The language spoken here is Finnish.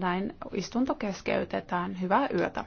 Näin istunto keskeytetään. Hyvää yötä.